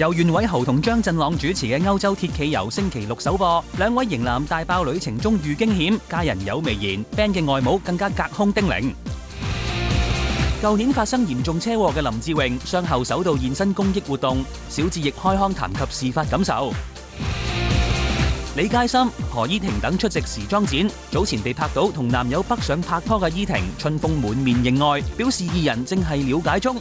由袁偉豪同張振朗主持嘅《歐洲鐵騎遊》星期六首播，兩位型男大爆旅程中遇驚險，家人有微言，Ben 嘅外母更加隔空叮嚀。舊年發生嚴重車禍嘅林志穎傷後首度現身公益活動，小智亦開腔談及事發感受。李佳芯、何依婷等出席時裝展，早前被拍到同男友北上拍拖嘅依婷，春風滿面認愛，表示二人正係了解中。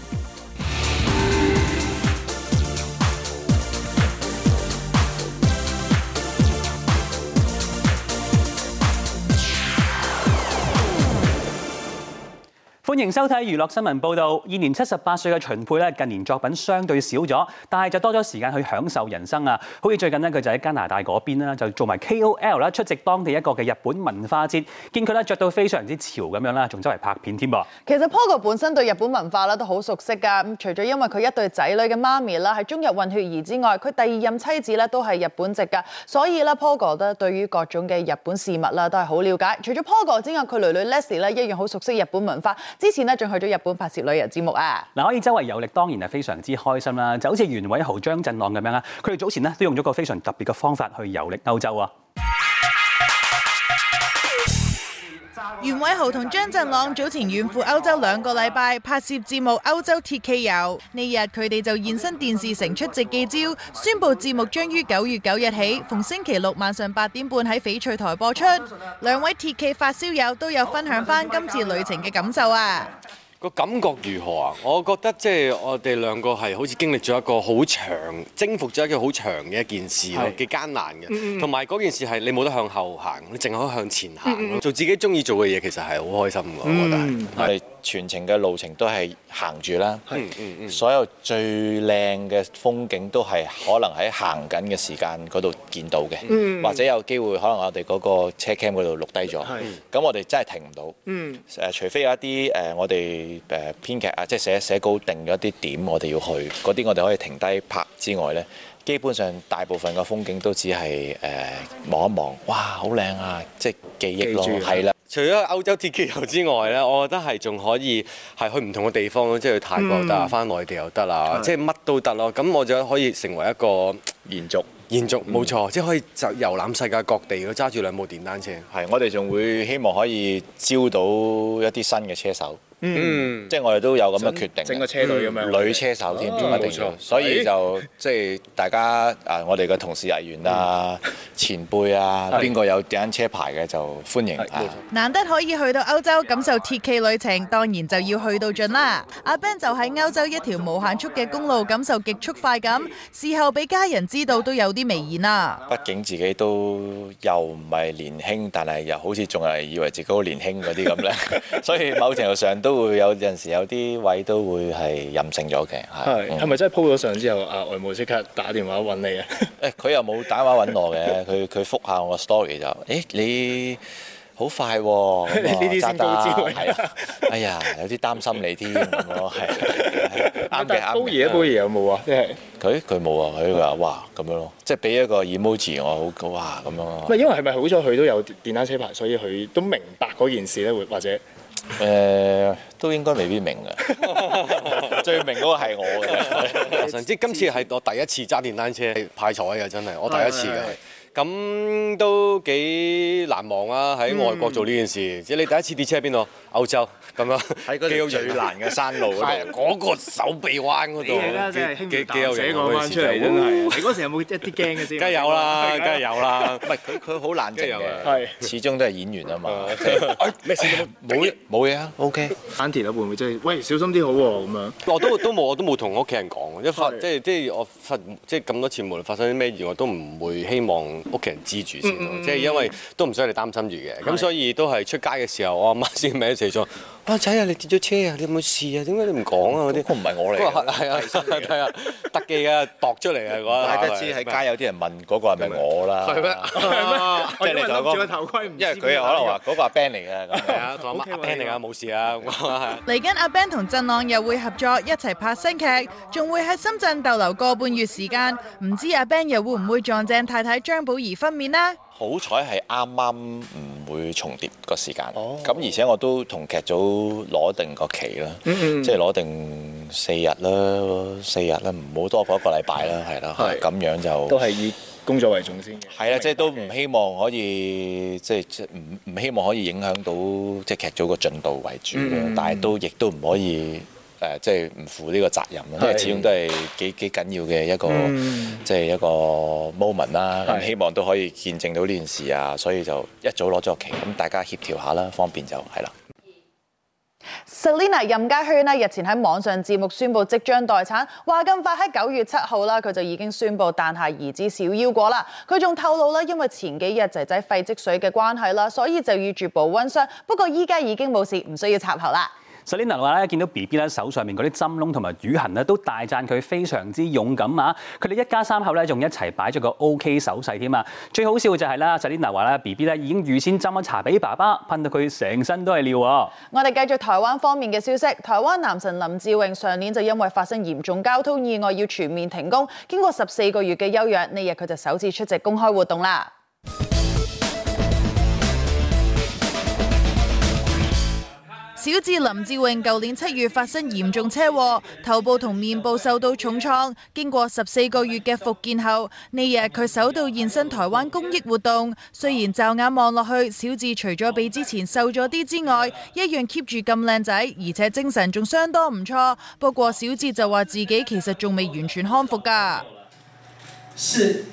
歡迎收睇娛樂新聞報道。現年七十八歲嘅秦沛咧，近年作品相對少咗，但係就多咗時間去享受人生啊！好似最近咧，佢就喺加拿大嗰邊就做埋 KOL 啦，出席當地一個嘅日本文化節，見佢咧着到非常之潮咁樣啦，仲周圍拍片添噃。其實 Paul 哥本身對日本文化都好熟悉噶。咁除咗因為佢一對仔女嘅媽咪啦係中日混血兒之外，佢第二任妻子咧都係日本籍噶，所以咧 Paul 哥對於各種嘅日本事物啦都係好了解。除咗 Paul 哥之外，佢女女 Leslie 咧一樣好熟悉日本文化。之前咧仲去咗日本拍攝旅遊節目啊！嗱，可以周圍遊歷當然係非常之開心啦，就好似袁偉豪、張振朗咁樣啊，佢哋早前咧都用咗個非常特別嘅方法去遊歷歐洲啊！袁偉豪同張振朗早前遠赴歐洲兩個禮拜拍攝節目《歐洲鐵騎遊》，呢日佢哋就現身電視城出席記招，宣布節目將於九月九日起逢星期六晚上八點半喺翡翠台播出。兩位鐵騎發燒友都有分享返今次旅程嘅感受啊！個感覺如何啊？我覺得即係我哋兩個係好似經歷咗一個好長征服咗一個好長嘅一件事咯，幾艱難嘅。同埋嗰件事係你冇得向後行，你淨可以向前行、嗯、做自己中意做嘅嘢其實係好開心㗎、嗯，我覺得係。全程嘅路程都係行住啦，所有最靚嘅風景都係可能喺行緊嘅時間嗰度見到嘅、嗯，或者有機會可能我哋嗰個車 cam 嗰度錄低咗，咁我哋真係停唔到。誒、嗯啊，除非有一啲誒、呃，我哋誒、呃、編劇啊，即係寫寫稿定咗一啲點，我哋要去嗰啲，嗰啲我哋可以停低拍之外呢。基本上大部分嘅風景都只係誒望一望，哇，好靚啊！即係記憶咯，係啦。了除咗歐洲鐵騎遊之外咧，我覺得係仲可以係去唔同嘅地方，即係去泰國得啊，翻、嗯、內地又得啊，即係乜都得咯。咁我就可以成為一個延續，延續，延續冇錯，嗯、即係可以就遊覽世界各地咯。揸住兩部電單車，係我哋仲會希望可以招到一啲新嘅車手。嗯，即係我哋都有咁嘅決定，整個車隊咁樣、嗯，女車手添，一定、冇、哦、錯。所以就即係大家啊，我哋嘅同事藝員啊、嗯、前輩啊，邊 個有訂車牌嘅就歡迎、啊。難得可以去到歐洲感受鐵騎旅程，當然就要去到盡啦。阿、啊、Ben 就喺歐洲一條無限速嘅公路感受極速快感，事後俾家人知道都有啲微然啦、啊。畢竟自己都又唔係年輕但係又好似仲係以為自己好年輕啲咁咧， 所以某程度上都。都會有陣時有啲位都會係任性咗嘅，係係咪真係鋪咗相之後啊？外母即刻打電話揾你啊？誒、 欸，佢又冇打電話揾我嘅，佢佢覆下我 story 就誒、欸、你好快喎、啊，呢啲先告係啊！哎呀，有啲擔心你添喎，係啱嘅。阿高爺阿高有冇啊？即係佢佢冇啊！佢話哇咁樣咯，即係俾一個 emoji 我好哇咁樣啊！唔因為係咪好彩佢都有電單車牌，所以佢都明白嗰件事咧，會或者？誒、呃、都應該未必明嘅， 最明嗰個係我嘅 。甚至今次係我第一次揸電單車，係派彩嘅真係，我第一次嘅。對對對咁都幾難忘啊！喺外國做呢件事，嗯、即係你第一次跌車喺邊度？歐洲咁樣，喺個最難嘅山路，嗰 個手臂彎嗰度、啊，幾幾有型嘅。嗰陣出嚟真係、哦，你嗰陣有冇一啲驚嘅先？梗係有啦，梗係有啦。唔係佢佢好冷靜嘅，係始終都係演員啊嘛 哎。哎，咩事、哎哎、事？冇冇嘢啊。O、okay、K。反田會唔會即係喂小心啲好喎咁樣？我都都冇，我都冇同屋企人講，因 為即係即係我發即係咁多次，無論發生啲咩意外，我都唔會希望。屋企人知住先，即、嗯、係、嗯、因為都唔使你擔心住嘅，咁所以都係出街嘅時候，我阿媽先一齊咗。阿仔啊！你跌咗車啊！你有冇事啊？點解你唔講啊？嗰啲都唔係我嚟，係啊係啊， 特技嘅，駁出嚟、那個、 啊！ 你我大家知喺街有啲人問嗰個係咪我啦，係咩？即係你攬住個頭盔唔知。因為佢又可能話嗰個係 Ben 嚟嘅，係、 okay, 啊，講 Ben 嚟啊，冇事啊咁講啊。嚟緊阿 Ben 同振朗又會合作一齊拍新劇，仲會喺深圳逗留個半月時間。唔知阿 Ben 又會唔會撞正太太張，張寶兒分娩咧？好彩係啱啱唔會重疊個時間，咁、oh. 而且我都同劇組攞定個期啦，即係攞定四日啦，四日啦，唔好多過一個禮拜啦，係、mm-hmm. 啦，咁樣就都係以工作為重先。係啦，即、就、係、是、都唔希望可以，即係唔唔希望可以影響到即係、就是、劇組個進度為主嘅，mm-hmm. 但係都亦都唔可以。誒，即係唔負呢個責任，因為始終都係幾幾緊要嘅一個，即、嗯、係一個 moment 啦。希望都可以見證到呢件事啊，所以就一早攞咗期，咁大家協調下啦，方便就係啦。Selina 任家萱，啊，呢日前喺網上節目宣佈即將待產，話咁快喺九月七號啦，佢就已經宣布誕下兒子小腰果啦。佢仲透露啦，因為前幾日仔仔肺積水嘅關係啦，所以就要住保溫箱，不過依家已經冇事，唔需要插喉啦。Selina 話咧，見到 B B 咧手上面嗰啲針窿同埋瘀痕咧，都大讚佢非常之勇敢啊！佢哋一家三口咧，仲一齊擺咗個 OK 手勢添啊！最好笑嘅就係啦，Selina 話啦，B B 咧已經預先斟咗茶俾爸爸，噴到佢成身都係尿啊！我哋繼續台灣方面嘅消息，台灣男神林志穎上年就因為發生嚴重交通意外要全面停工，經過十四個月嘅休養，呢日佢就首次出席公開活動啦。小志林志穎舊年七月發生嚴重車禍，頭部同面部受到重創，經過十四個月嘅復健後，呢日佢首度現身台灣公益活動。雖然驟眼望落去，小志除咗比之前瘦咗啲之外，一樣 keep 住咁靚仔，而且精神仲相當唔錯。不過小志就話自己其實仲未完全康復㗎。是，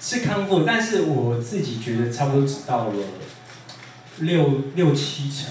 是康復，但是我自己覺得差不多只到了六六七成。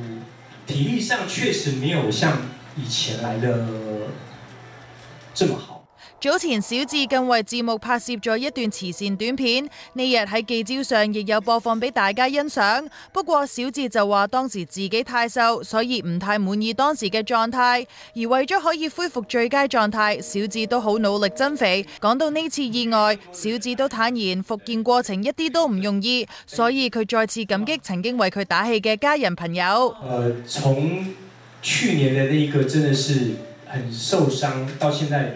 體力上確實沒有像以前來的這麼好。早前小智更為節目拍攝咗一段慈善短片，呢日喺記招上亦有播放俾大家欣賞。不過小智就話當時自己太瘦，所以唔太滿意當時嘅狀態，而為咗可以恢復最佳狀態，小智都好努力增肥。講到呢次意外，小智都坦言復健過程一啲都唔容易，所以佢再次感激曾經為佢打氣嘅家人朋友。呃，從去年嘅那一個真的是很受傷，到現在。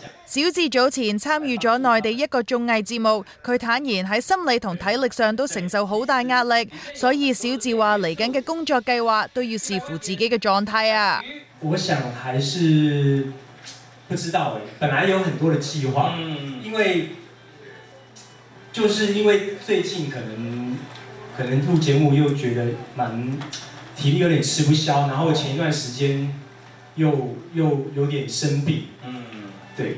小智早前參與咗內地一個綜藝節目，佢坦言喺心理同體力上都承受好大壓力，所以小智話嚟緊嘅工作計劃都要視乎自己嘅狀態啊。我想還是不知道誒，本來有很多嘅計劃，因為就是因為最近可能可能錄節目又覺得蠻體力有點吃不消，然後前一段時間又又有點生病，嗯，對。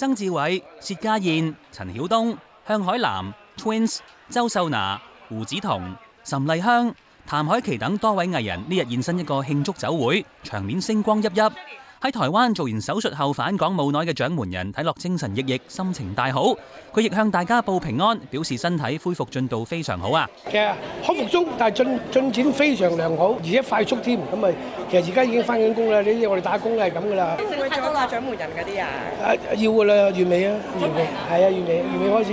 曾志偉、薛家燕、陳曉東、向海嵐、Twins、周秀娜、胡子彤、岑麗香、譚凱琪等多位藝人呢日現身一個慶祝酒會，場面星光熠熠。喺台灣做完手術後返港，冇耐嘅掌門人睇落精神奕奕，心情大好。佢亦向大家報平安，表示身體恢復進度非常好啊。其實康復中，但係進進展非常良好，而且快速添。咁咪其實而家已經翻緊工啦。呢啲我哋打工嘅係咁噶啦。啦，掌門人嗰啲啊？啊要噶啦，完美，完美啊，啊，完美係啊，完美完美開始。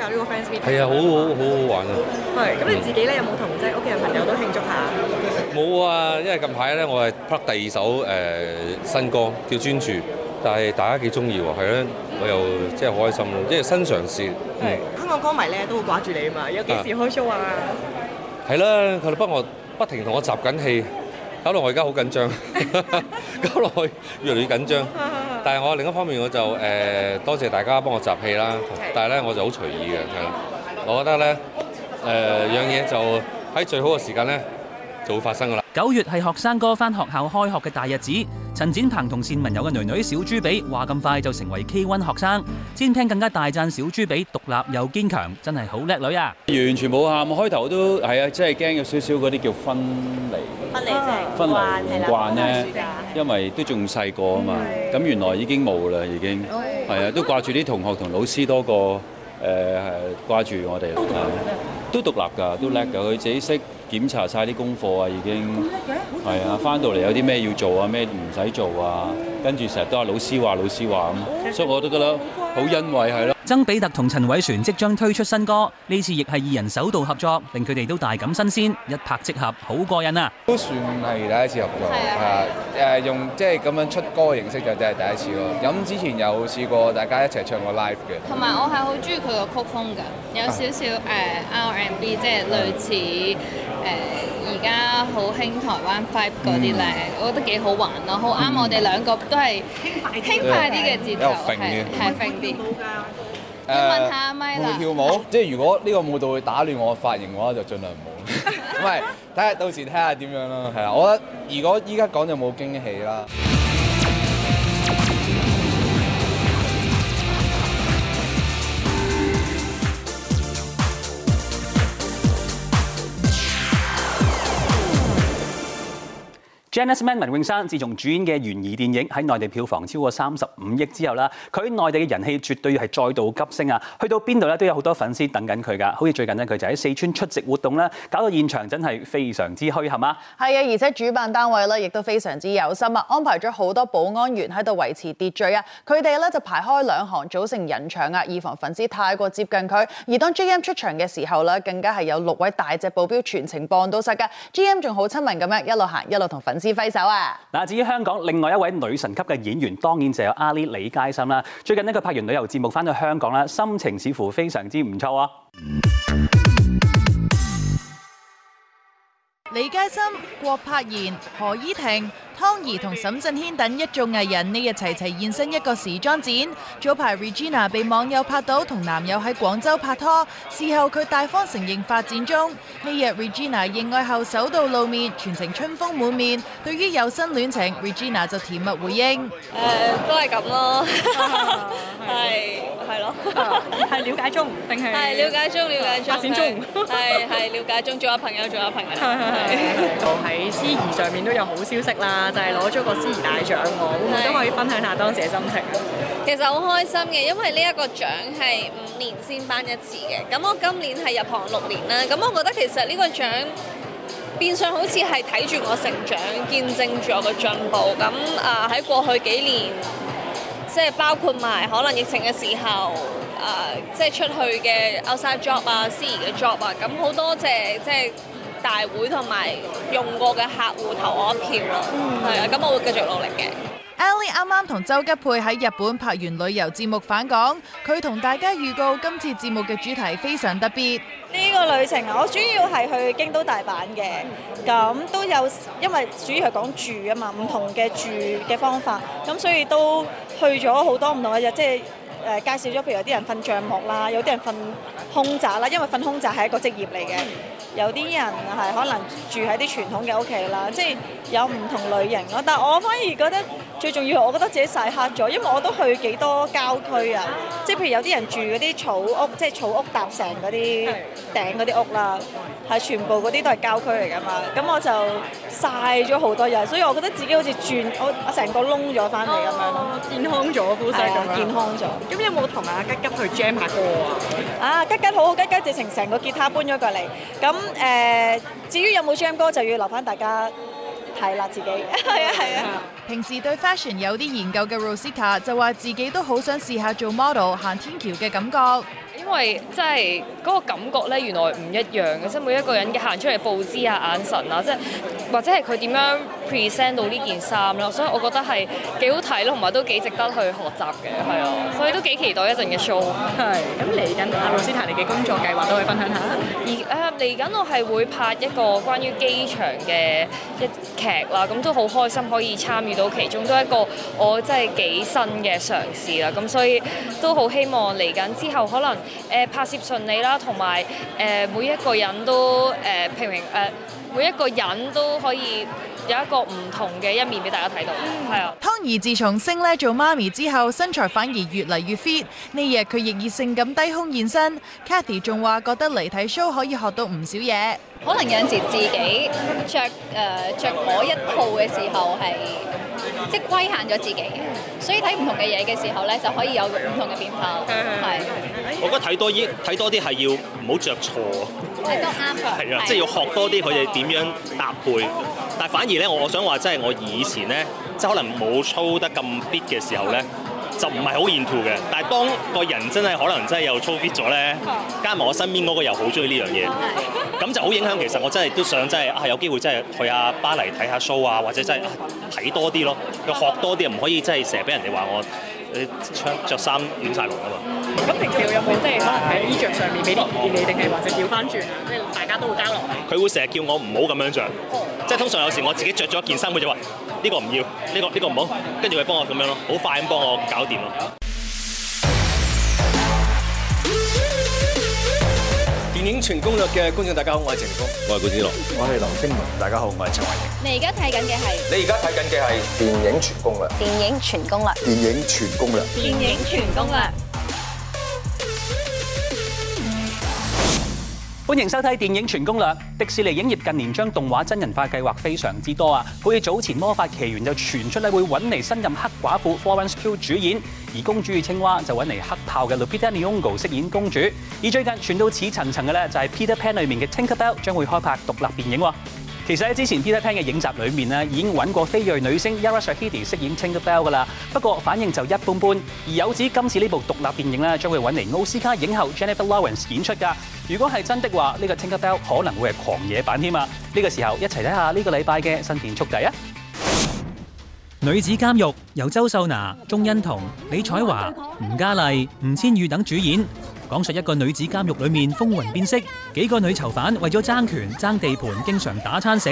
係啊，好好好好玩啊！係，咁你自己咧有冇同即係屋企嘅朋友都慶祝下？冇啊，因為近排咧我係拍第二首誒新歌叫專注，但係大家幾中意喎，係咧我又即係好開心咯，即係新嘗試。係，香港歌迷咧都會掛住你嘛，有幾時開 show 啊？係啦，佢哋幫我不停同我集緊氣。搞到我而家好緊張，搞落去越嚟越緊張。但係我另一方面我就誒、呃、多謝大家幫我集氣啦。但係咧我就好隨意嘅，我覺得咧誒、呃、樣嘢就喺最好嘅時間咧就會發生㗎啦。九月係學生哥返學校開學嘅大日子。陳展鵬同善文友嘅囡囡小朱比話咁快就成為 K1 學生，展鵬更加大讚小朱比獨立又堅強，真係好叻女啊！完全冇喊，我開頭都係啊，即係驚有少少嗰啲叫分離，分離症，分離唔慣呢，因為都仲細個啊嘛，咁原來已經冇啦，已經係啊，都掛住啲同學同老師多過。誒係掛住我哋，都獨立㗎，都獨立㗎，都叻㗎。佢自己識檢查曬啲功課啊，已經，係啊，翻到嚟有啲咩要做啊，咩唔使做啊，跟住成日都話老師話老師話咁，嗯，所以我覺得咧，好欣慰係咯。是啊曾比特同陳偉璇即將推出新歌，呢次亦係二人首度合作，令佢哋都大感新鮮，一拍即合，好過癮啊！都算係第一次合作，係啊，誒用即係咁樣出歌嘅形式就真係第一次咯。咁之前有試過大家一齊唱過 live 嘅。同埋我係好中意佢個曲風㗎，有少少誒 R&B，即係類似誒而家好興台灣 five 嗰啲咧，我覺得幾好玩咯，好啱我哋兩個都係輕快啲嘅節奏，係輕啲。呃、你問下阿咪啦，跳舞？ 即係如果呢個舞蹈會打亂我髮型嘅話，就盡量唔好。 唔係，睇下到時睇下點樣啦。係 啊，我覺得如果依家講就冇驚喜啦。Janice Man 文詠珊自從主演嘅懸疑電影喺內地票房超過三十五億之後啦，佢內地嘅人氣絕對係再度急升啊！去到邊度咧都有好多粉絲等緊佢噶，好似最近呢，佢就喺四川出席活動咧，搞到現場真係非常之墟冚啊！係啊，而且主辦單位咧亦都非常之有心啊，安排咗好多保安員喺度維持秩序啊，佢哋咧就排開兩行組成人牆啊，以防粉絲太過接近佢。而當 g m 出場嘅時候咧，更加係有六位大隻保鏢全程傍到實噶。g m 仲好親民咁樣一路行一路同粉。致揮手啊！嗱，至於香港另外一位女神級嘅演員，當然就係有阿 Lee 李佳芯啦。最近呢，佢拍完旅遊節目，翻到香港啦，心情似乎非常之唔錯啊！李佳芯、郭柏妍、何依婷、康怡同沈震軒等一眾藝人呢日齊齊現身一個時裝展。早排 Regina 被網友拍到同男友喺廣州拍拖，事後佢大方承認發展中。呢日 Regina 認愛後首度露面，全程春風滿面。對於有新戀情 ，Regina 就甜蜜回應：誒、呃，都係咁咯，係係咯，係是 了解中，定係係了解中了解中，發展中，係係了解中，做下朋友，做下朋友。就喺私事上面都有好消息啦。就係攞咗個司儀大獎我會唔會都可以分享一下當時嘅心情啊？其實好開心嘅，因為呢一個獎係五年先頒一次嘅，咁我今年係入行六年啦，咁我覺得其實呢個獎變相好似係睇住我成長，見證住我嘅進步。咁啊喺過去幾年，即係包括埋可能疫情嘅時候，啊、呃、即係出去嘅 outside job 啊、司儀嘅 job 啊，咁好多謝即係。大會同埋用過嘅客戶投我一票咯，係、嗯、啊，咁我會繼續努力嘅。Ellie 啱啱同周吉佩喺日本拍完旅遊節目返港，佢同大家預告今次節目嘅主題非常特別。呢、呢個旅程啊，我主要係去京都大阪嘅，咁都有，因為主要係講住啊嘛，唔同嘅住嘅方法，咁所以都去咗好多唔同嘅嘢，即係誒介紹咗，譬如有啲人瞓帳幕啦，有啲人瞓空宅啦，因為瞓空宅係一個職業嚟嘅。有啲人係可能住喺啲傳統嘅屋企啦，即係有唔同類型咯，但係我反而覺得。最重要，我覺得自己曬黑咗，因為我都去幾多郊區啊，即係譬如有啲人住嗰啲草屋，即係草屋搭成嗰啲頂嗰啲屋啦，係全部嗰啲都係郊區嚟㗎嘛，咁我就曬咗好多日，所以我覺得自己好似轉我成個窿咗返嚟咁樣，健康咗，古仔講健康咗。咁有冇同埋阿吉吉去 jam 下歌啊？啊吉吉好，吉吉直情成個吉他搬咗過嚟，咁誒至於有冇 jam 歌就要留返大家。係啦，自己係啊係啊。平時對 fashion 有啲研究嘅 Rosica 就話：自己都好想試下做 model 行天橋嘅感覺。因為真係嗰個感覺咧，原來唔一樣嘅，即係每一個人嘅行出嚟佈置啊、眼神啊，即係或者係佢點樣 present 到呢件衫啦，所以我覺得係幾好睇咯，同埋都幾值得去學習嘅，係啊，所以都幾期待一陣嘅 show。係。咁嚟緊阿老師談你嘅工作計劃都可以分享下。而啊，嚟緊，呃、我係會拍一個關於機場嘅一劇啦，咁都好開心可以參與到其中，都係一個我真係幾新嘅嘗試啦，咁所以都好希望嚟緊之後可能。誒拍攝順利啦，同埋誒每一個人都，誒、呃、平平誒、呃，每一個人都可以有一個唔同嘅一面俾大家睇到。係、嗯、啊，湯怡自從升咧做媽咪之後，身材反而越嚟越 fit。呢日佢亦熱烈性感低胸現身，Kathy 仲話覺得嚟睇 show 可以學到唔少嘢。可能有時自己着誒著嗰一套嘅時候係。即係侷限咗自己，所以睇唔同嘅嘢嘅時候咧，就可以有唔同嘅變化。係，我覺得睇多啲，睇多啲係要唔好著錯。睇多啱㗎，係啊，即係要學多啲佢哋點樣搭配。但係反而咧，我我想話，即係我以前咧，即係可能冇操得咁 fit 嘅時候咧。就唔係好 into 嘅，但係當個人真係可能真係又操 fit 咗咧，加埋我身邊嗰個又好中意呢樣嘢，咁就好影響。其實我真係都想真係啊，有機會真係去啊巴黎睇下 show 啊，或者真係睇、啊、多啲咯，要學多啲啊，唔可以真係成日俾人哋話我，你穿衣、嗯、有有着衫亂曬龍啊嘛！咁平時有冇即係可能喺衣着上面俾啲建議你，定係還是調翻轉？啊？即係大家都會交流。佢會成日叫我唔好咁樣着。即係通常有時我自己着咗一件衫，佢就話呢、呢個唔要，呢、呢個呢唔好，跟住佢幫我咁樣咯，好快咁幫我搞掂咯。電影全攻略嘅觀眾，大家好，我係程峰，我係古天樂，我係林星文，大家好，我係陳偉。你而家睇緊嘅係你而家睇緊嘅係電影全攻略，電影全攻略，電影全攻略，電影全攻略。歡迎收睇電影全攻略。迪士尼影業近年將動畫真人化計劃非常之多啊！好似早前《魔法奇緣》就傳出咧會搵嚟新任黑寡婦 Florence Pugh 主演，而公主與青蛙就搵嚟黑豹嘅 Lupita Nyong’o 飾演公主。而最近傳到似層層嘅咧，就係 Peter Pan 裏面嘅 Tinkerbell 將會開拍獨立電影喎。其實喺之前《Peter Pan》嘅影集裏面咧，已經揾過非裔女星 Yara Shahidi 飾演 Tinker Bell 嘅啦，不過反應就一般般。而有指今次呢部獨立電影咧，將會揾嚟奧斯卡影后 Jennifer Lawrence 演出㗎。如果係真嘅話，呢、這個 Tinker Bell 可能會係狂野版添啊！呢、這個時候一齊睇下呢個禮拜嘅新片速遞啊！女子監獄由周秀娜、鍾欣桐、李彩華、吳嘉麗、吳千語等主演。講述一個女子監獄裏面風雲變色，幾個女囚犯為咗爭權爭地盤，經常打餐死。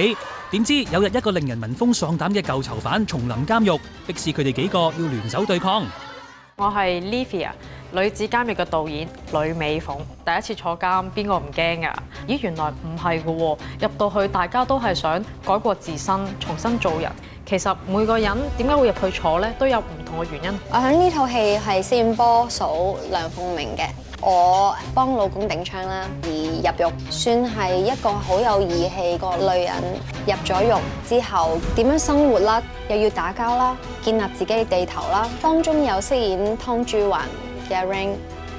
點知有日一個令人聞風喪膽嘅舊囚犯重臨監獄，逼使佢哋幾個要聯手對抗。我係 Livia 女子監獄嘅導演呂美鳳，第一次坐監邊個唔驚噶？咦，原來唔係噶，入到去大家都係想改過自新，重新做人。其實每個人點解會入去坐呢，都有唔同嘅原因。我喺呢套戲係飾演波嫂梁鳳鳴嘅。我幫老公頂槍啦，而入獄算係一個好有義氣個女人。入咗獄之後點樣生活啦，又要打交啦，建立自己嘅地頭啦。當中有飾演湯珠環嘅 Rain，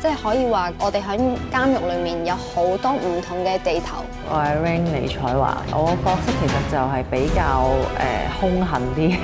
即係可以話我哋喺監獄裡面有好多唔同嘅地頭。我係 Rain 李彩華，我角色其實就係比較誒，呃，兇狠啲，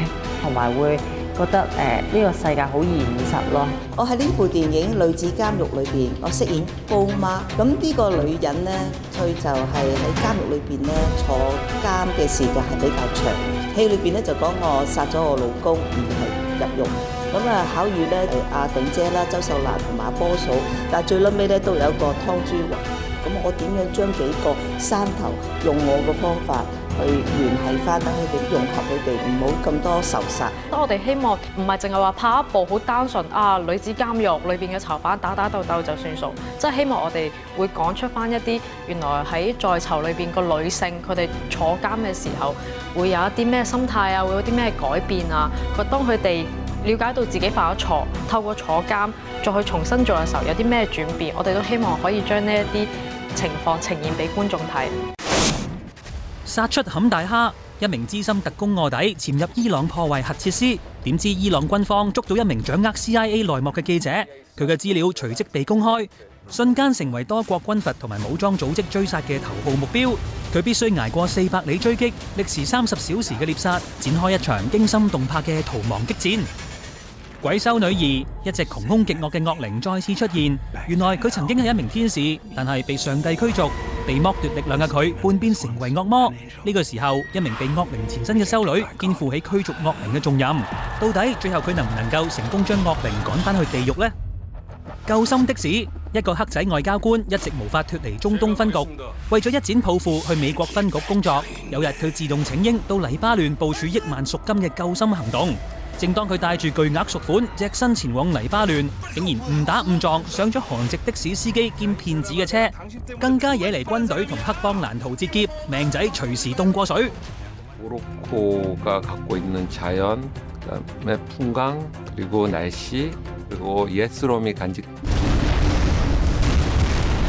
同埋會。覺得誒呢個世界好現實咯！我喺呢部電影《女子監獄》裏面，我飾演高媽。咁呢個女人咧，佢就係喺監獄裏面咧坐監嘅時間係比較長。戲裏邊咧就講我殺咗我老公而係入獄。咁啊，考驗咧係阿炳姐啦、周秀娜同埋波嫂，但係最撚尾咧都有一個湯珠雲。咁我點樣將幾個山頭用我嘅方法，去聯繫翻，等佢哋融合佢哋，唔好咁多仇殺。我哋希望唔係淨係話拍一部好單純啊，女子監獄裏面嘅囚犯打打鬥鬥就算數。即係希望我哋會講出翻一啲原來喺在，在囚裏面個女性，佢哋坐監嘅時候會有一啲咩心態啊，會有啲咩改變啊。佢當佢哋了解到自己犯咗錯，透過坐監再去重新做嘅時候，有啲咩轉變，我哋都希望可以將呢一啲情況呈現俾觀眾睇。殺出坎大哈，一名資深特工臥底潛入伊朗破壞核設施，點知伊朗軍方捉到一名掌握 CIA 內幕嘅記者，佢嘅資料隨即被公開，瞬間成為多國軍閥同埋武裝組織追殺嘅頭號目標。佢必須捱過四百里追擊，歷時三十小時嘅獵殺，展開一場驚心動魄嘅逃亡激戰。鬼修女二,一隻窮凶極惡嘅惡靈再次出現。原來，佢曾經係一名天使，但係被上帝驅逐，被剝奪力量嘅佢半邊成為惡魔，呢個時候，一名被惡靈纏身嘅修女肩負起驅逐惡靈嘅重任。到底最後佢能唔能夠成功將惡靈趕返去地獄呢？救心的士，一個黑仔外交官一直無法脫離中東分局，為咗一展抱負去美國分局工作，有日佢自動請纓到黎巴嫩部署億萬贖金嘅救心行動。正當佢帶住巨額贖款，隻身前往黎巴嫩，竟然誤打誤撞上咗韓籍的士司機兼騙子嘅車，更加惹嚟軍隊同黑幫難逃折劫，命仔隨時凍過水。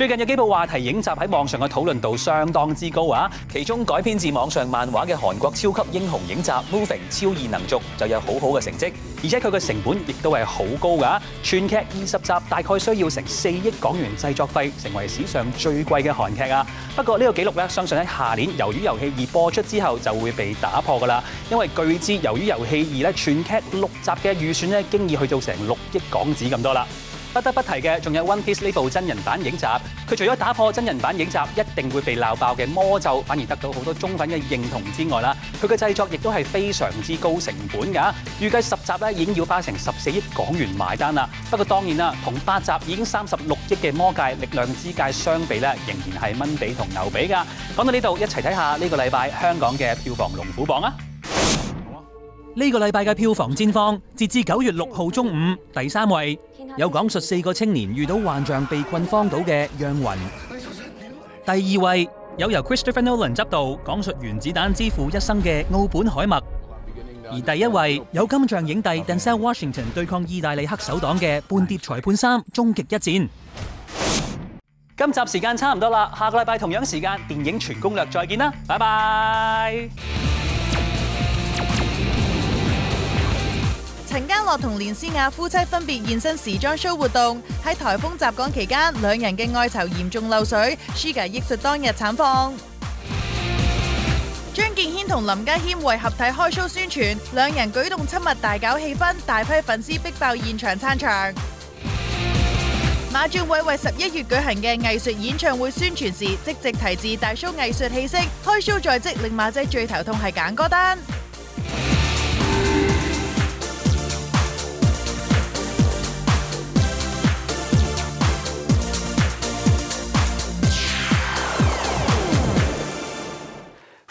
最近有幾部話題影集喺網上嘅討論度相當之高啊，其中改編自網上漫畫嘅韓國超級英雄影集《Moving 超異能族》就有好好嘅成績，而且佢嘅成本亦都係好高噶。全劇二十集大概需要成四億港元製作費，成為史上最貴嘅韓劇啊。不過呢個紀錄咧，相信喺下年《魷魚遊戲二》播出之後就會被打破噶啦，因為據知《魷魚遊戲二》咧全劇六集嘅預算咧經已去到成六億港紙咁多啦。不得不提嘅仲有 One Piece 呢部真人版影集，佢除咗打破真人版影集一定會被鬧爆嘅魔咒，反而得到好多忠粉嘅認同之外啦，佢嘅製作亦都係非常之高成本㗎。預計十集咧已經要花成十四億港元埋單啦。不過當然啦，同八集已經三十六億嘅魔戒：力量之戒相比咧，仍然係蚊比同牛比㗎。講到呢度，一齊睇下呢個禮拜香港嘅票房龍虎榜啊！呢、這個禮拜嘅票房戰況，截至九月六號中午，第三位有講述四個青年遇到幻象被困荒島嘅《讓雲》；第二位有由 Christopher Nolan 執導講述原子彈之父一生嘅《奧本海默》；而第一位有金像影帝 Denzel Washington 對抗意大利黑手黨嘅《叛諜裁判三：終極一戰》。今集時間差唔多啦，下個禮拜同樣時間電影全攻略再見啦，拜拜。同連詩雅夫妻分別現身時裝 show 活動，喺台風襲港期間，兩人嘅愛巢嚴重漏水，Sugar 亦述當日慘況。張敬軒同林家謙為合體開 show 宣傳，兩人舉動親密大搞氣氛，大批粉絲逼爆現場撐場。馬俊偉為十一月舉行嘅藝術演唱會宣傳時，積極提示大叔藝術氣息，開 show 在即，令馬仔最頭痛係揀歌單。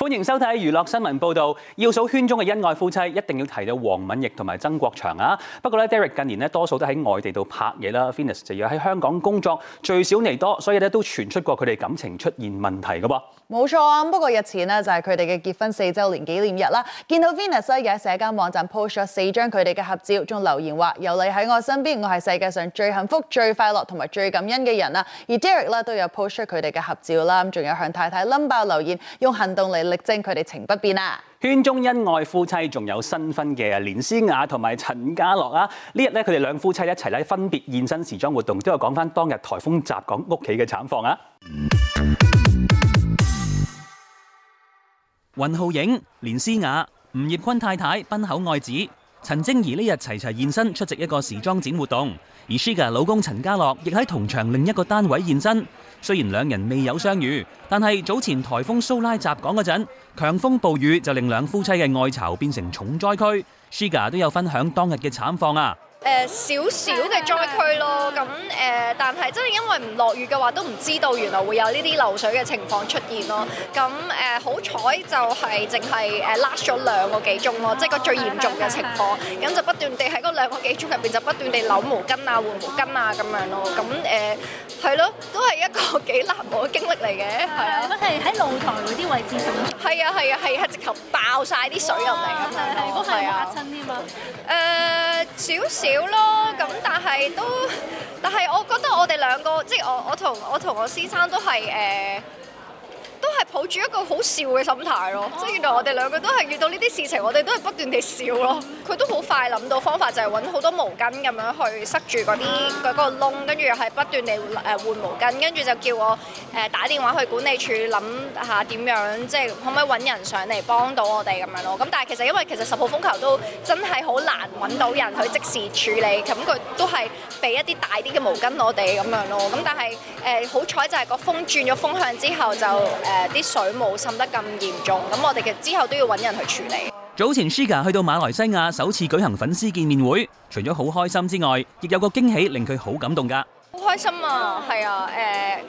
歡迎收睇娛樂新聞報道。要數圈中嘅恩愛夫妻，一定要提到黃敏奕同埋曾國祥啊。不過咧，Derek 近年咧多數都喺外地度拍嘢啦，Venus 就要喺香港工作，聚少離多，所以咧都傳出過佢哋感情出現問題嘅噃。冇錯啊！不過日前咧就係佢哋嘅結婚四周年紀念日啦。見到 Venus 喺社交網站 post 咗四張佢哋嘅合照，仲留言話：有你喺我身邊，我係世界上最幸福、最快樂同埋最感恩嘅人啊！而 Derek 咧都有 post 佢哋嘅合照啦，仲、嗯、有向太太冧爆留言，用行動嚟力,力證佢哋情不變啊！圈中恩愛夫妻仲有新婚嘅連詩雅同埋陳家樂啦，啊。這日呢日咧佢哋兩夫妻一齊咧分別現身時裝活動，都有講翻當日台風襲港屋企嘅慘況。啊！雲浩影、連詩雅、吳業坤太太、奔口愛子、陳貞儀呢日齊齊現身出席一個時裝展活動，而 Sugar 老公陳家樂亦喺同場另一個單位現身。雖然兩人未有相遇，但係早前颱風蘇拉襲港嗰陣，強風暴雨就令兩夫妻嘅愛巢變成重災區。Sugar 都有分享當日嘅慘況啊！誒，少少嘅災區咯，咁誒，但係真係因為唔落雨嘅話，都唔知道原來會有呢啲漏水嘅情況出現咯。咁誒，好彩就係淨係誒，last 咗兩個幾鐘咯，即係個最嚴重嘅情況。咁就不斷地喺嗰兩個幾鐘入邊，就不斷地扭毛巾啊、換毛巾啊咁樣咯。咁誒，係咯，都係一個幾難忘嘅經歷嚟嘅。係啊，係喺露台嗰啲位置浸。係啊係啊係，係直頭爆晒啲水入嚟。係係係，我係嚇親添啊。誒，少少。少、嗯、咯，咁但係都，但係我覺得我哋兩個，即係我我同，我同我同我先生都係。誒、呃。都係抱住一個好笑嘅心態咯，即、哦、係原來我哋兩個都係遇到呢啲事情，我哋都係不斷地笑咯。佢、哦、都好快諗到方法，就係揾好多毛巾咁樣去塞住嗰啲嗰個窿，跟住又係不斷地誒換毛巾，跟住就叫我誒、呃、打電話去管理處諗下點樣，即係可唔可以揾人上嚟幫到我哋咁樣咯。咁、嗯、但係其實因為其實十號風球都真係好難揾到人去即時處理，咁、嗯、佢都係俾一啲大啲嘅毛巾我哋咁樣咯。咁、嗯、但係誒、呃、好彩就係個風轉咗風向之後就誒。呃誒啲水冇滲得咁嚴重，咁我哋嘅之後都要揾人去處理。早前 Suga 去到馬來西亞首次舉行粉絲見面會，除咗好開心之外，亦有個驚喜令佢好感動㗎。開心啊，係啊，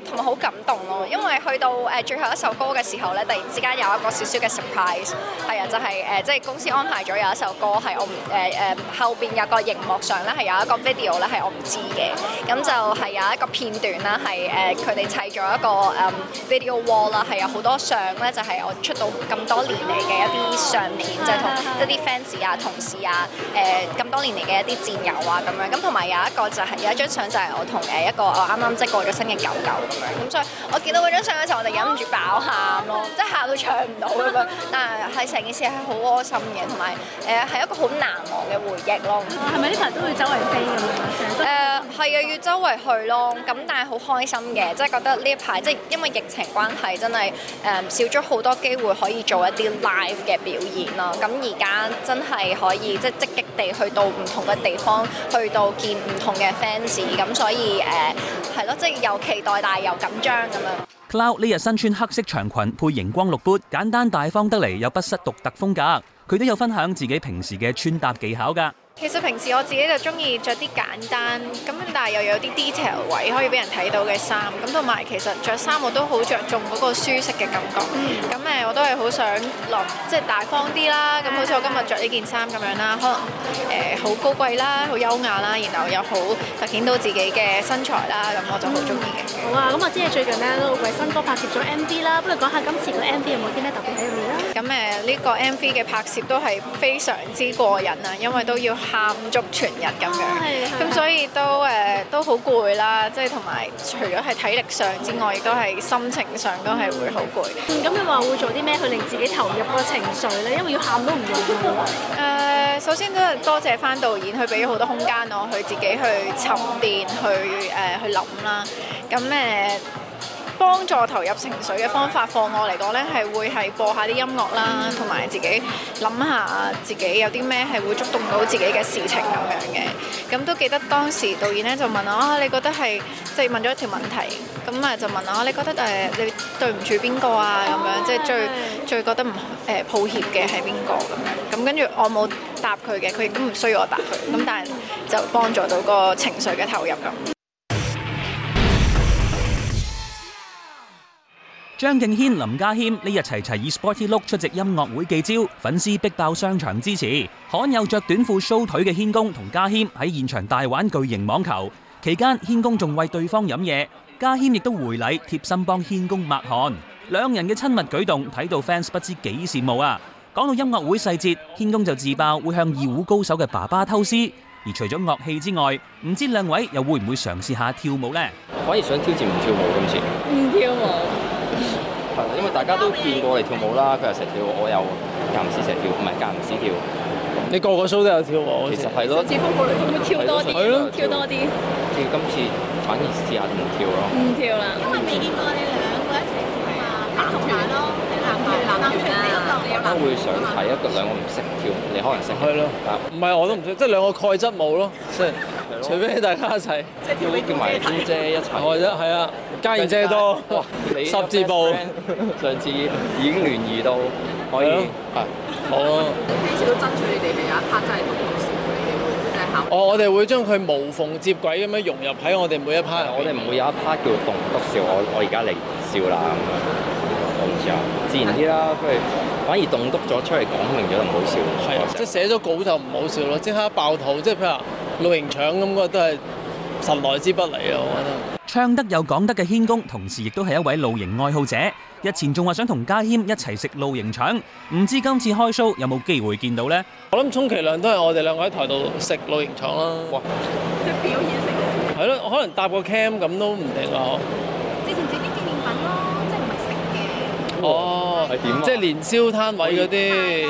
誒同埋好感動咯、啊，因為去到誒、呃、最後一首歌嘅時候咧，突然之間有一個少少嘅 surprise，係啊，就係誒即係公司安排咗有一首歌係我唔誒誒後邊有個熒幕上咧係有一個 video 咧係我唔知嘅，咁就係有一個片段啦，係誒佢哋砌咗一個誒、呃、video wall 啦，係有好多相咧，就係我出到咁多年嚟嘅一啲相片，即係同一啲 fans 啊、同事啊、誒、呃、咁多年嚟嘅一啲戰友啊咁樣，咁同埋有一個就係、是、有一張相片就係我同誒。呃一個我啱啱即係過咗身嘅狗狗咁樣，咁所以我見到嗰張相嘅時候，我哋忍唔住爆喊咯，即係喊到唱唔到咁樣。但係喺成件事係好窩心嘅，同埋誒係一個好難忘嘅回憶咯。係咪呢排都會周圍飛咁樣成日都？誒係啊，要周圍去咯。咁但係好開心嘅，即係覺得呢一排即係因為疫情關係，真係誒少咗好多機會可以做一啲 live 嘅表演咯。咁而家真係可以即係積極地去到唔同嘅地方，去到見唔同嘅 fans。咁所以誒。係咯，即係又期待，大又緊張咁樣。Cloud 呢日身穿黑色長裙配熒光綠 boot，簡單大方得嚟又不失獨特風格。佢都有分享自己平時嘅穿搭技巧㗎。其實平時我自己就中意着啲簡單咁，但係又有啲 detail 位可以俾人睇到嘅衫。咁同埋其實着衫我都好着重嗰個舒適嘅感覺。咁、嗯、誒，我都係好想落即係大方啲啦。咁好似我今日着呢件衫咁樣啦，可能誒好、呃、高貴啦，好優雅啦，然後又好突顯到自己嘅身材啦。咁我就好中意嘅。好啊，咁我知你最近咧都為新歌拍攝咗 M V 啦。不如講下今次嘅 M V 有冇啲咩特別喺入面啦？咁誒、呢、這個 M V 嘅拍攝都係非常之過癮啊，因為都要。喊足全日咁樣，咁、啊、所以都誒、呃、都好攰啦，即係同埋除咗係體力上之外，亦、嗯、都係心情上都係會好攰。咁你話會做啲咩去令自己投入個情緒咧？因為要喊都唔容易。誒、首先都係多謝翻導演，去俾好多空間我，去自己去沉澱，嗯、去誒、呃、去諗啦。咁、嗯、誒。呃幫助投入情緒嘅方法，放我嚟講，呢係會係播下啲音樂啦，同埋自己諗下自己有啲咩係會觸動到自己嘅事情咁樣嘅。咁都記得當時導演呢就問我啊，你覺得係即係問咗一條問題，咁啊就問我、啊、你覺得、呃、你對唔住邊個啊咁樣，即係最最覺得唔誒、呃、抱歉嘅係邊個咁樣，咁跟住我冇答佢嘅，佢亦都唔需要我答佢。咁但係就幫助到個情緒嘅投入咁。張敬軒、林家謙呢日齊齊以 sporty look 出席音樂會記招，粉絲逼爆商場支持。罕有着短褲 show 腿嘅軒公同家謙喺現場大玩巨型網球，期間軒公仲為對方飲嘢，家謙亦都回禮，貼心幫軒公抹汗。兩人嘅親密舉動睇到 fans 不知幾羨慕啊！講到音樂會細節，軒公就自爆會向二胡高手嘅爸爸偷師。而除咗樂器之外，唔知兩位又會唔會嘗試下跳舞呢？可以想挑戰唔跳舞今次，唔跳舞。因為大家都見過你跳舞啦，佢又成日跳，我有間唔時成日跳，唔係間唔時跳。你個個 show 都有跳舞，其實係咯，自封會跳多啲，跳多啲。要今次反而試下唔跳咯。唔跳啦，因為未見過兩你，你兩個一齊跳啊，一齊玩咯，男男男男。都會想睇，一個兩個唔識跳，你可能識。係咯。唔係我都唔識，即係兩個蓋質舞咯，即 除非大家,家一齊，即係叫啲叫埋姑姐一齊。係啊，係啊，家宴姐都哇，十字部上次已經聯誼到，可以好，哦。呢次都爭取你哋，有一 part 真係棟篤笑，哦，我哋會將佢無縫接軌咁樣融入喺我哋每一 part、啊。我哋唔會有一 part 叫棟篤笑，我我而家嚟笑啦咁樣。我唔知啊，自然啲啦、啊，不如反而棟篤咗出嚟講明咗就唔好笑。係啊,啊,啊，即係寫咗稿就唔好笑咯，即、嗯、刻爆肚，即係譬如話。露營腸咁我都係神來之不嚟啊！我覺得。唱得又講得嘅軒公，同時亦都係一位露營愛好者。日前仲話想同家謙一齊食露營腸，唔知今次開 show 有冇機會見到呢？我諗充其量都係我哋兩個喺台度食露營腸啦。嘩，即係表演性嘅。係咯，可能搭個 cam 咁都唔定啊！哦，即係年宵攤位嗰啲，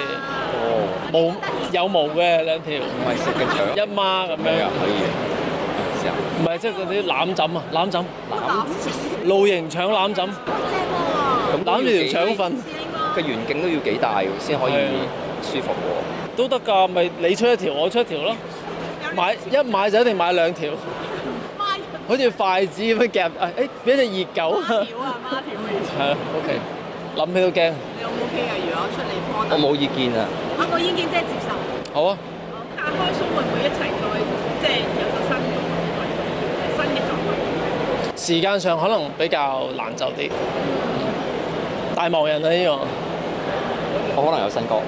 毛有毛嘅兩條，唔係食嘅腸，一孖咁樣，可以，唔係即係嗰啲攬枕啊，攬枕，露營腸攬枕，咁攬住條腸瞓，個圓景都要幾大先可以舒服喎，都得㗎，咪你出一條我出一條咯，買一買就一定買兩條，好似筷子咁樣夾，誒俾隻熱狗，孖條啊孖條可以，係 OK。諗起都驚。你有冇聽啊？如果出嚟幫我冇意見啊。我個意見即係接受。好啊。打開雙會唔會一齊再即係有個新嘅新嘅狀態？時間上可能比較難就啲。大忙人啊呢個。我可能有新歌。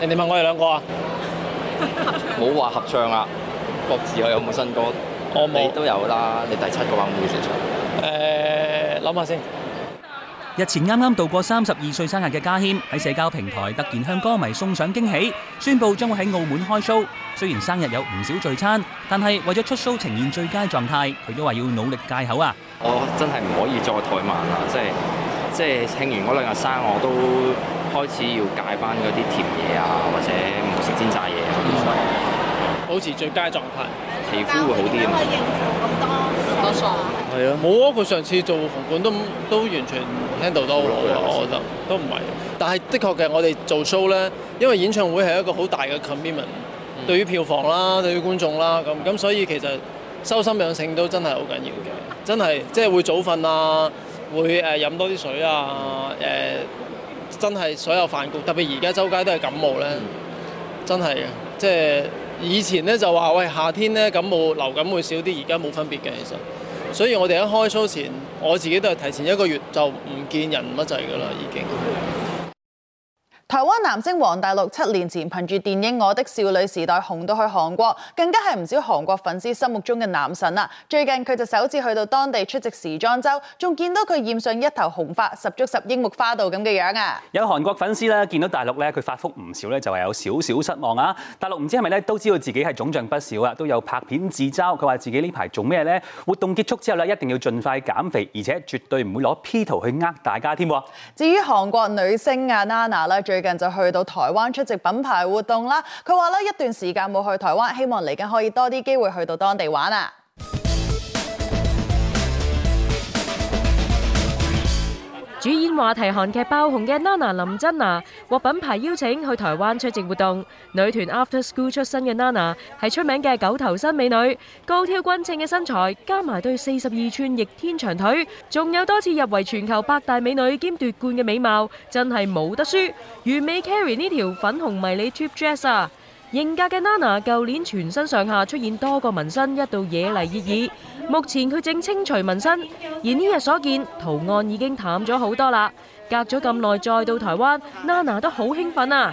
你哋問我哋兩個啊。冇話合唱啊。各自有冇新歌？我冇。你都有啦。你第七嘅話會唔會先唱？誒諗下先。日前啱啱度過三十二歲生日嘅家謙，喺社交平台突然向歌迷送上驚喜，宣布將會喺澳門開 show。雖然生日有唔少聚餐，但係為咗出 show 呈現最佳狀態，佢都話要努力戒口啊！我真係唔可以再怠慢啦，即係即係慶完嗰兩日生，我都開始要戒翻嗰啲甜嘢啊，或者唔食煎炸嘢，嗯，保持最佳的狀態，皮膚會好啲。多啊，係啊，冇啊！佢上次做紅館都都完全 handle 到都，我覺得都唔係。但係的確嘅，我哋做 show 咧，因為演唱會係一個好大嘅 commitment，嗯、對於票房啦，對於觀眾啦，咁咁，所以其實收心養性都真係好緊要嘅，真係即係會早瞓啊，會誒飲、呃、多啲水啊，誒、呃、真係所有飯局，特別而家周街都係感冒咧，嗯、真係嘅，即係。以前咧就話喂，夏天咧感冒流感會少啲，而家冇分別嘅其實。所以我哋一開 show 前，我自己都係提前一個月就唔見人乜滯噶啦，已經。台灣男星王大陸七年前憑住電影《我的少女時代》紅到去韓國，更加係唔少韓國粉絲心目中嘅男神啦。最近佢就首次去到當地出席時裝周，仲見到佢染上一頭紅髮，十足十櫻木花道咁嘅樣啊！有韓國粉絲咧見到大陸咧，佢發福唔少咧，就係有少少失望啊。大陸唔知係咪咧都知道自己係腫脹不少啊，都有拍片自嘲。佢話自己呢排做咩呢？活動結束之後呢，一定要盡快減肥，而且絕對唔會攞 P 圖去呃大家添。至於韓國女星阿 Nana 咧，Nana，最最近就去到台灣出席品牌活動啦，佢話咧一段時間冇去台灣，希望嚟緊可以多啲機會去到當地玩啊！主演話題韓劇爆紅嘅 Nana 林珍娜獲品牌邀請去台灣出席活動。女團 After School 出身嘅 Nana 係出名嘅九頭身美女，高挑均稱嘅身材加埋對四十二寸逆天長腿，仲有多次入圍全球百大美女兼奪冠嘅美貌，真係冇得輸。完美 carry 呢條粉紅迷你 tube dress 啊！型格嘅 Nana 舊年全身上下出現多個紋身，一度惹嚟熱議。目前佢正清除紋身，而呢日所見圖案已經淡咗好多啦。隔咗咁耐再到台灣，Nana 都好興奮啊！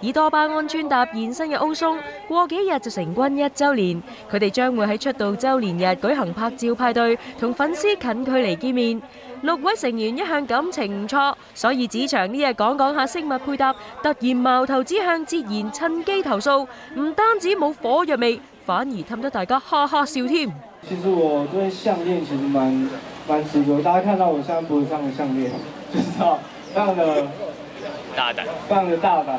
以多巴胺穿搭現身嘅歐松，過幾日就成軍一週年，佢哋將會喺出道週年日舉行拍照派對，同粉絲近距離見面。六位成員一向感情唔錯，所以子祥呢日講講下飾物配搭，突然矛頭指向哲賢趁機投訴，唔單止冇火藥味，反而氹得大家哈哈笑添。其實我對項鍊其實蠻蠻自豪，大家看到我現在頸上的項鍊，就知道放了大膽，放了大膽。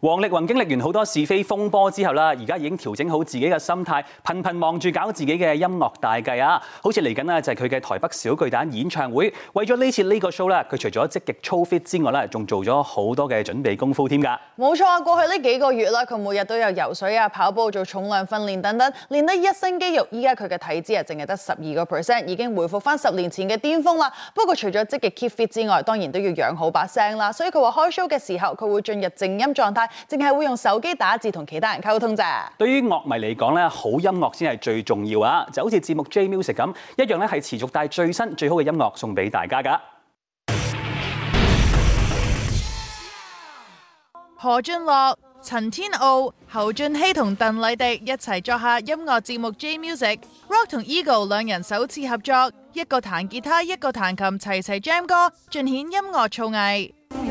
王力宏經歷完好多是非風波之後啦，而家已經調整好自己嘅心態，頻頻忙住搞自己嘅音樂大計啊！好似嚟緊啦，就係佢嘅台北小巨蛋演唱會。為咗呢次呢個 show 啦，佢除咗積極操 fit 之外啦，仲做咗好多嘅準備功夫添㗎。冇錯啊，過去呢幾個月啦，佢每日都有游水啊、跑步、做重量訓練等等，練得一身肌肉。依家佢嘅體脂啊，淨係得十二個 percent，已經回復返十年前嘅巔峰啦。不過除咗積極 keep fit 之外，當然都要養好把聲啦。所以佢話開 show 嘅時候，佢會進入靜音狀態。淨係會用手機打字同其他人溝通咋。對於樂迷嚟講咧，好音樂先係最重要啊！就好似節目 J Music 咁，一樣咧係持續帶最新最好嘅音樂送俾大家噶。何俊樂、陳天傲、侯俊熙同鄧麗迪一齊作客音樂節目 J Music，Rock 同 Eagle 兩人首次合作，一個彈吉他，一個彈琴，齊齊 jam 歌，盡顯音樂造詣。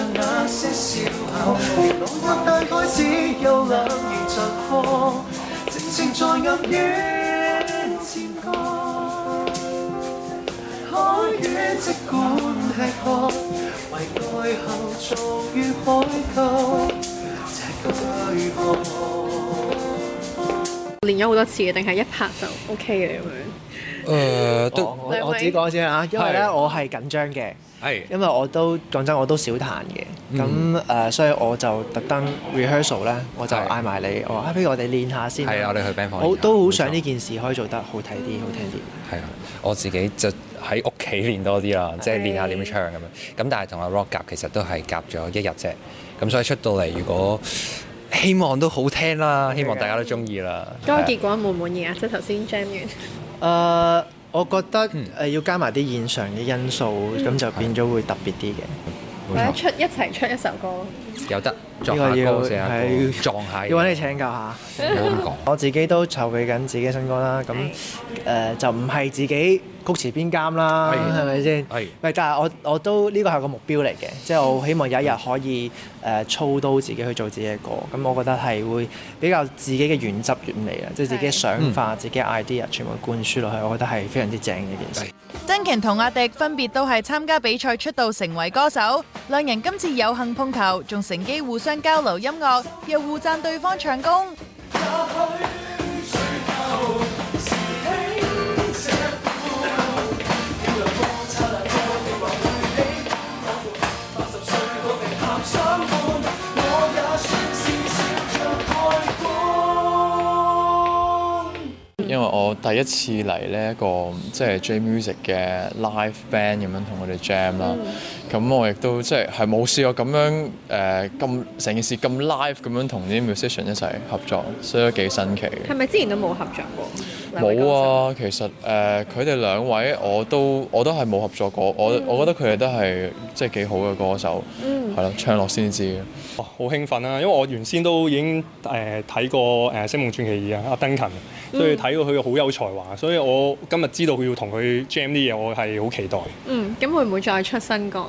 練咗好多次嘅，定係一拍就 OK 嘅咁樣？誒，都我我自己講先啊，因為咧我係緊張嘅。係、hey.，因為我都講真，我都少彈嘅，咁、mm. 誒，uh, 所以我就特登 rehearsal 咧，我就嗌埋你，hey. 啊、我話不如我哋練下先。係、hey. 啊、嗯，我哋去 band 房、嗯。都好想呢件事可以做得好睇啲、mm. 好聽啲。係、嗯、啊，我自己就喺屋企練多啲啦，即、hey. 係練下點樣唱咁樣。咁但係同阿 Rock 夾其實都係夾咗一日啫。咁所以出到嚟，如果希望都好聽啦，okay. 希望大家都中意啦。咁、okay. 啊、結果滿唔滿意啊？即係頭先 jam 完。誒、uh,。我覺得誒、嗯呃、要加埋啲現場嘅因素，咁、嗯、就變咗會特別啲嘅。或者出一齊出一首歌，有得呢個要係撞下歌，要，一下歌要，一下歌要揾你請教下。 我自己都籌備緊自己嘅新歌啦。咁誒、呃、就唔係自己。曲詞編監啦，係咪先？係，但係我我都呢個係個目標嚟嘅，即、就、係、是、我希望有一日可以誒、呃、操刀自己去做自己嘅歌，咁我覺得係會比較自己嘅原汁原味啦，即、就、係、是、自己嘅想法、自己 idea、嗯、全部灌輸落去，我覺得係非常之正嘅一件事。曾強同阿迪分別都係參加比賽出道成為歌手，兩人今次有幸碰頭，仲乘機互相交流音樂，又互讚對方唱功。因為我第一次嚟呢一個即係 J Music 嘅 live band 咁樣同佢哋 Jam 啦、嗯。咁我亦都即係係冇試過咁樣誒、咁成件事咁 live 咁樣同啲 musician 一齊合作，所以都幾新奇。係咪之前都冇合作過？冇啊！其實誒佢哋兩位我都我都係冇合作過。嗯、我我覺得佢哋都係即係幾好嘅歌手，係、嗯、咯，唱落先知。好興奮啊！因為我原先都已經誒睇、呃、過《誒、呃、星夢傳奇二》啊，阿丁勤，所以睇過佢好有才華，所以我今日知道佢要同佢 jam 啲嘢，我係好期待。嗯，咁會唔會再出新歌？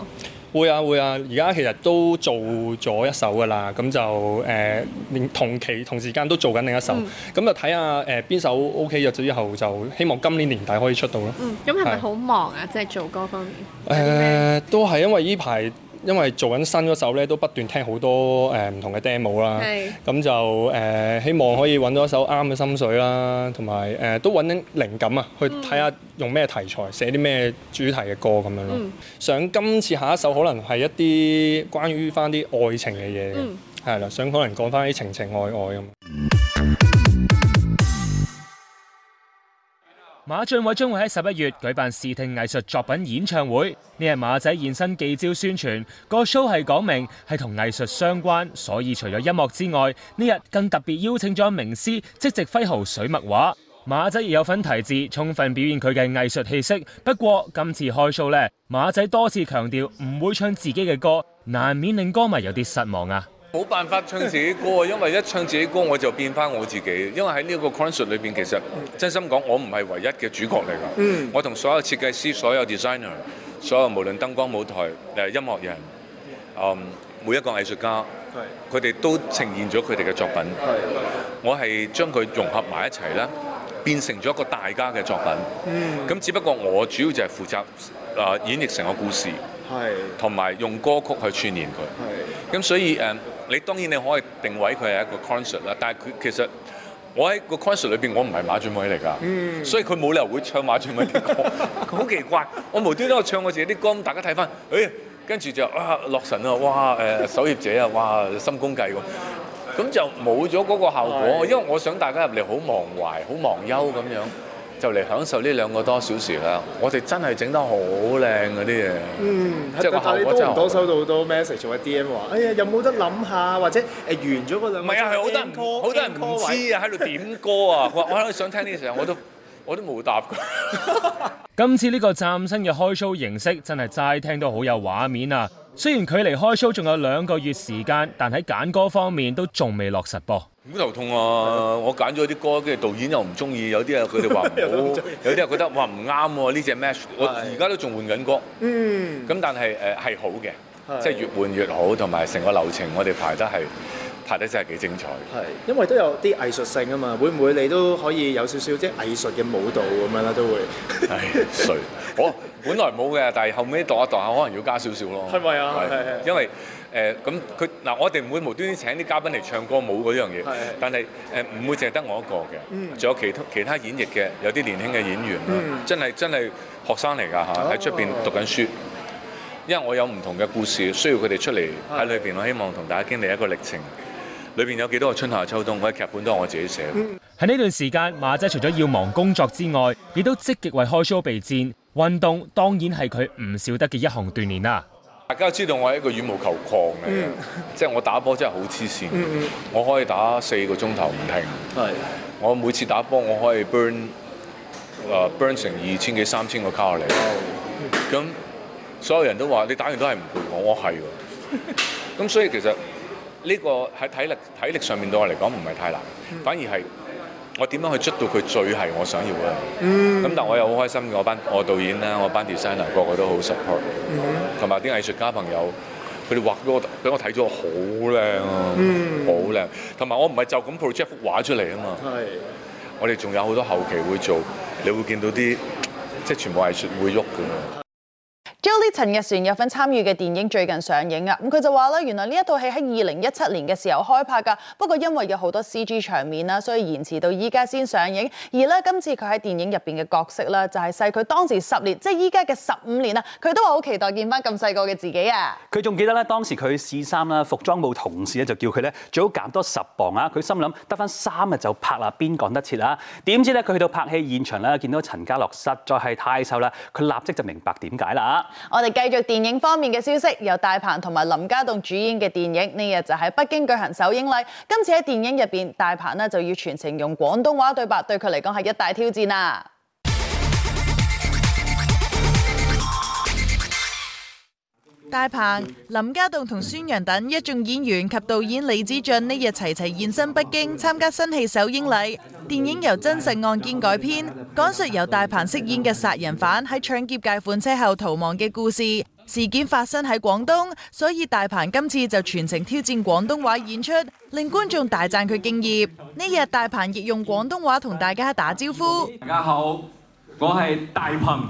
會啊會啊，而家、啊、其實都做咗一首噶啦，咁就誒、呃，同期同時間都做緊另一首，咁、嗯、就睇下誒邊首 OK 入咗之後，就希望今年年底可以出到咯。嗯，咁係咪好忙啊？即係、就是、做歌方面？誒、呃，都係因為呢排。因為做緊新嗰首咧，都不斷聽好多誒唔同嘅 demo 啦，咁就誒、呃、希望可以揾到一首啱嘅心水啦，同埋誒都揾緊靈感啊，去睇下用咩題材寫啲咩主題嘅歌咁樣咯、嗯。想今次下一首可能係一啲關於翻啲愛情嘅嘢，係、嗯、啦，想可能講翻啲情情愛愛咁。馬俊偉將會喺十一月舉辦視聽藝術作品演唱會，呢日馬仔現身記招宣傳，個 show 係講明係同藝術相關，所以除咗音樂之外，呢日更特別邀請咗名師即席揮毫水墨畫。馬仔亦有份提字，充分表現佢嘅藝術氣息。不過今次開 show 呢馬仔多次強調唔會唱自己嘅歌，難免令歌迷有啲失望啊！冇 辦法唱自己歌，因為一唱自己歌我就變翻我自己。因為喺呢個 concert 裏邊，其實真心講，我唔係唯一嘅主角嚟噶。嗯、mm.，我同所有設計師、所有 designer、所有無論燈光舞台誒音樂人、嗯，每一個藝術家，佢、yes. 哋都呈現咗佢哋嘅作品。Yes. 我係將佢融合埋一齊啦，變成咗一個大家嘅作品。嗯，咁只不過我主要就係負責誒、呃、演繹成個故事，係，同埋用歌曲去串聯佢。係，咁所以誒。呃你當然你可以定位佢係一個 concert 啦，但係佢其實我喺個 concert 裏邊，我唔係馬俊偉嚟㗎，所以佢冇理由會唱馬俊偉啲歌，好 奇怪！我無端端我唱我自己啲歌，大家睇翻，誒、哎，跟住就啊，洛神啊，哇，誒、啊，守業者啊，哇，心公計喎、啊，咁就冇咗嗰個效果，因為我想大家入嚟好忘懷、好忘憂咁樣。就嚟享受呢兩個多小時啦！我哋真係整得好靚嗰啲嘢。嗯，即係個效果就多收到好多 message，DM 話，哎呀，有冇得諗下？或者誒、呃、完咗嗰兩，唔係啊，係好多人，好多人唔知啊，喺度點歌啊！我 我喺度想聽啲嘢，我都我都冇答 今次呢個嶄新嘅開 show 形式，真係齋聽都好有畫面啊！雖然距離開 show 仲有兩個月時間，但喺揀歌方面都仲未落實噃。好頭痛啊！我揀咗啲歌，跟住導演又唔中意，有啲啊佢哋話唔好， 有啲人覺得哇唔啱喎，呢隻 match。我而家都仲換緊歌，嗯。 咁 但係誒係好嘅，即 係越換越好，同埋成個流程我哋排得係。拍得真係幾精彩，係因為都有啲藝術性啊嘛，會唔會你都可以有少少即係藝術嘅舞蹈咁樣啦，都會係衰 我本來冇嘅，但係後尾度一度下，可能要加少少咯，係咪啊？係係，是是是因為誒咁佢嗱，我哋唔會無端端請啲嘉賓嚟唱歌舞嗰樣嘢，是是是但係誒唔會淨係得我一個嘅，仲有其他其他演繹嘅有啲年輕嘅演員是是真係真係學生嚟㗎嚇，喺出邊讀緊書，哦、因為我有唔同嘅故事需要佢哋出嚟喺裏邊，是是我希望同大家經歷一個歷程。裏面有幾多個春夏秋冬，我喺劇本都係我自己寫。喺呢段時間，馬仔除咗要忙工作之外，亦都積極為開 show 備戰。運動當然係佢唔少得嘅一項鍛煉啦。大家知道我係一個羽毛球狂嘅，即、嗯、係我打波真係好黐線。嗯嗯我可以打四個鐘頭唔停。係，我每次打波我可以 burn，誒、uh, burn 成二千幾三千個卡路里。咁、嗯、所有人都話你打完都係唔攰，我我係㗎。咁所以其實。呢、這個喺體力體力上面對我嚟講唔係太難，嗯、反而係我點樣去捉到佢最係我想要嘅嘢。咁、嗯、但係我又好開心嘅，班我，我導演啦，我班 designer 個個都好 support，同埋啲藝術家朋友，佢哋畫咗我俾我睇咗好靚啊，好、嗯、靚。同埋我唔係就咁 project 幅畫出嚟啊嘛，我哋仲有好多後期會做，你會見到啲即係全部藝術會喐嘅。Jodie 陳日璇有份參與嘅電影最近上映啊，咁、嗯、佢就話咧，原來呢一套戲喺二零一七年嘅時候開拍噶，不過因為有好多 CG 場面啦、啊，所以延遲到依家先上映。而呢，今次佢喺電影入邊嘅角色咧、啊，就係細佢當時十年，即係依家嘅十五年啦、啊。佢都話好期待見翻咁細個嘅自己啊！佢仲記得咧當時佢試衫啦，服裝部同事咧就叫佢咧最好減多十磅啊！佢心諗得翻三日就拍啦，邊趕得切啊？點知咧佢去到拍戲現場咧，見到陳家樂實在係太瘦啦，佢立即就明白點解啦。我哋繼續電影方面嘅消息，由大鵬同埋林家棟主演嘅電影，呢日就喺北京舉行首映禮。今次喺電影入面，大鵬就要全程用廣東話對白，對佢嚟講係一大挑戰啊！大鵬、林家棟同孫陽等一眾演員及導演李子俊呢日齊齊現身北京參加新戲首映禮。電影由真實案件改編，講述由大鵬飾演嘅殺人犯喺搶劫解款車後逃亡嘅故事。事件發生喺廣東，所以大鵬今次就全程挑戰廣東話演出，令觀眾大讚佢敬業。呢日大鵬亦用廣東話同大家打招呼，大家好，我係大鵬。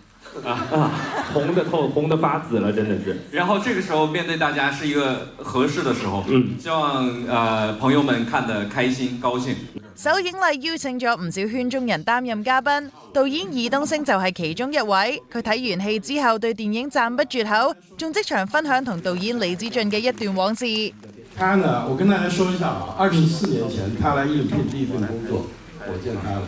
啊 啊！紅得透，紅得發紫了，真的是。然後這個時候面對大家是一個合適的時候，嗯，希望呃朋友們看得開心高興。首映禮邀請咗唔少圈中人擔任嘉賓，導演爾冬升就係其中一位。佢睇完戲之後對電影讚不絕口，仲即場分享同導演李子俊嘅一段往事。他呢，我跟大家說一下啊，二十四年前他來應聘第一份工作，我見到他了。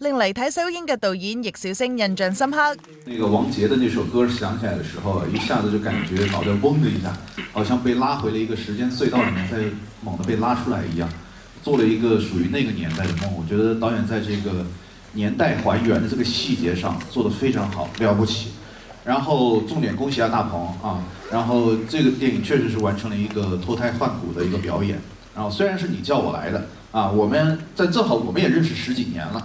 令嚟台收音的導演易小星印象深刻。那個王傑的那首歌響起來的時候，一下子就感覺腦袋嗡的一下，好像被拉回了一個時間隧道裏面，再猛地被拉出來一樣，做了一個屬於那個年代的夢。我覺得導演在這個年代還原的這個細節上做得非常好，了不起。然後重點恭喜啊大鵬啊！然後這個電影確實是完成了一個脱胎換骨的一個表演。然後雖然是你叫我來的啊，我們在正好我們也認識十幾年了。